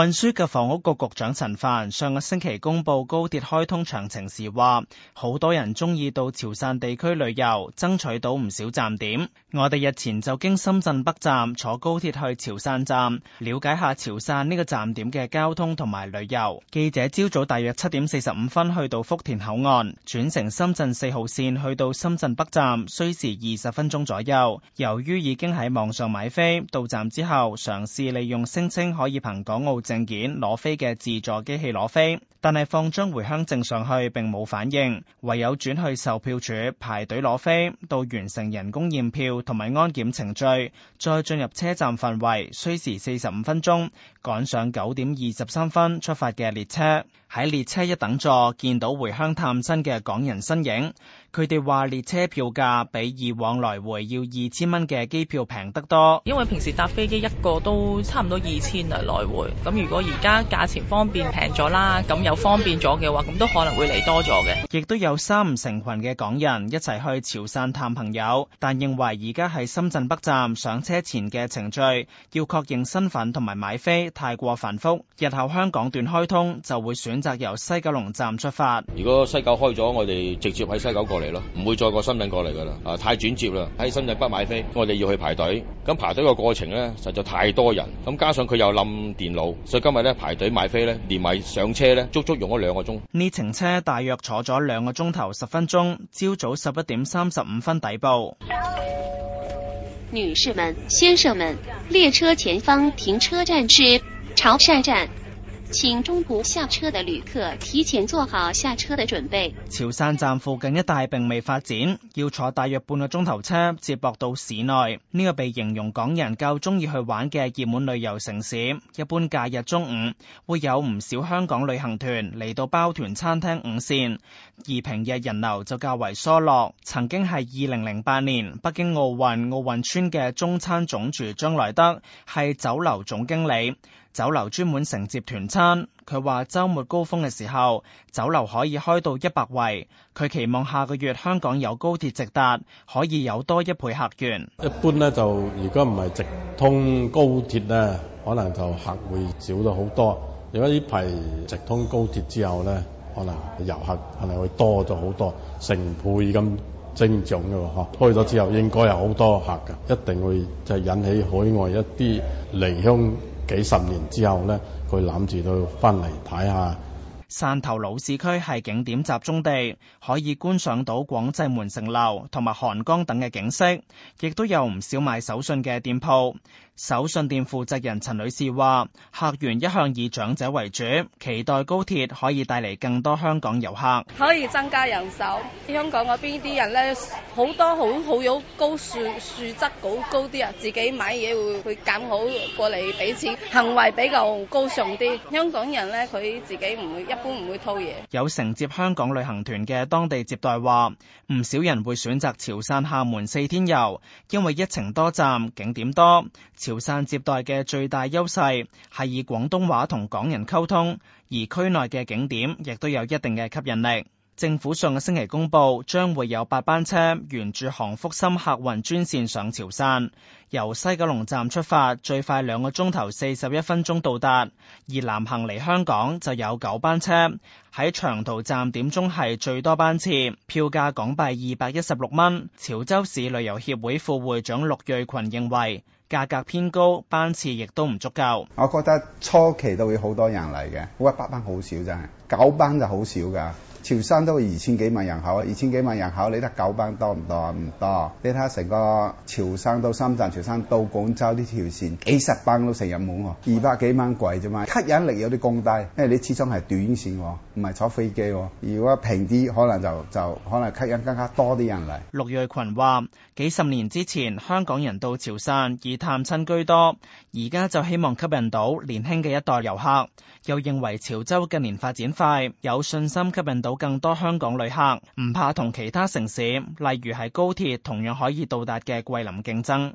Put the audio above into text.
運輸嘅房屋局局長陳帆上個星期公布高鐵開通詳情時話，好多人中意到潮汕地區旅遊，爭取到唔少站點。我哋日前就經深圳北站坐高鐵去潮汕站，了解下潮汕呢個站點嘅交通同埋旅遊。記者朝早大約七點四十五分去到福田口岸，轉乘深圳四號綫去到深圳北站，需時二十分鐘左右。由於已經喺網上買飛，到站之後嘗試利用聲稱可以憑港澳證件攞飛嘅自助機器攞飛。但係放張回鄉證上去並冇反應，唯有轉去售票處排隊攞飛，到完成人工驗票同埋安檢程序，再進入車站範圍，需時四十五分鐘，趕上九點二十三分出發嘅列車。喺列車一等座見到回鄉探親嘅港人身影，佢哋話列車票價比以往來回要二千蚊嘅機票平得多，因為平時搭飛機一個都差唔多二千啊，來回，咁如果而家價錢方便平咗啦，咁有。方便咗嘅話，咁都可能會嚟多咗嘅。亦都有三唔成群嘅港人一齊去潮汕探朋友，但認為而家喺深圳北站上車前嘅程序要確認身份同埋買飛，太過繁複。日後香港段開通就會選擇由西九龍站出發。如果西九開咗，我哋直接喺西九過嚟咯，唔會再過深圳過嚟噶啦。啊，太轉接啦！喺深圳北買飛，我哋要去排隊。咁排隊嘅過程呢，實在太多人。咁加上佢又冧電腦，所以今日呢，排隊買飛呢，連埋上車呢。足足用咗兩個鐘，呢程車大約坐咗兩個鐘頭十分鐘，朝早十一點三十五分抵埗。女士們、先生們，列車前方停車站是潮汕站。請中途下車的旅客提前做好下車的準備。潮汕站附近一帶並未發展，要坐大約半個鐘頭車接駁到市內。呢個被形容港人較中意去玩嘅熱門旅遊城市，一般假日中午會有唔少香港旅行團嚟到包團餐廳午膳，而平日人流就較為疏落。曾經係二零零八年北京奧運奧運村嘅中餐總廚張來德係酒樓總經理。酒樓專門承接團餐，佢話週末高峰嘅時候，酒樓可以開到一百圍。佢期望下個月香港有高鐵直達，可以有多一倍客源。一般咧就如果唔係直通高鐵咧，可能就客會少咗好多。如果呢排直通高鐵之後咧，可能遊客係咪會多咗好多，成倍咁增長㗎喎。開咗之後應該有好多客㗎，一定會就係引起海外一啲離鄉。幾十年之後呢，佢諗住都翻嚟睇下。汕頭老市區係景點集中地，可以觀賞到廣濟門城樓同埋韓江等嘅景色，亦都有唔少賣手信嘅店鋪。手信店負責人陳女士話，客源一向以長者為主，期待高鐵可以帶嚟更多香港遊客，可以增加人手。香港嗰邊啲人咧，好多好好有高素素質好高啲啊，自己買嘢會會揀好過嚟俾錢，行為比較高尚啲。香港人咧，佢自己唔會一。都唔會偷嘢。有承接香港旅行團嘅當地接待話，唔少人會選擇潮汕、廈門四天遊，因為一程多站、景點多。潮汕接待嘅最大優勢係以廣東話同港人溝通，而區內嘅景點亦都有一定嘅吸引力。政府上個星期公布，將會有八班車沿住杭福深客運專線上潮汕，由西九龍站出發，最快兩個鐘頭四十一分鐘到達。而南行嚟香港就有九班車，喺長途站點中係最多班次，票價港幣二百一十六蚊。潮州市旅遊協會副會長陸瑞群認為，價格偏高，班次亦都唔足夠。我覺得初期都會好多人嚟嘅，不過八班好少真係，九班就好少噶。潮汕都二千幾萬人口，二千幾萬人口你得九班多唔多？唔多。你睇下成個潮汕到深圳、潮汕到廣州呢條線，幾十班都成日滿。二百幾蚊貴啫嘛，吸引力有啲咁低，因為你始終係短線喎，唔係坐飛機喎。如果平啲，可能就就可能吸引更加多啲人嚟。陸瑞群話：幾十年之前，香港人到潮汕以探親居多，而家就希望吸引到年輕嘅一代遊客。又認為潮州近年發展快，有信心吸引到。有更多香港旅客唔怕同其他城市，例如係高鐵同樣可以到達嘅桂林競爭。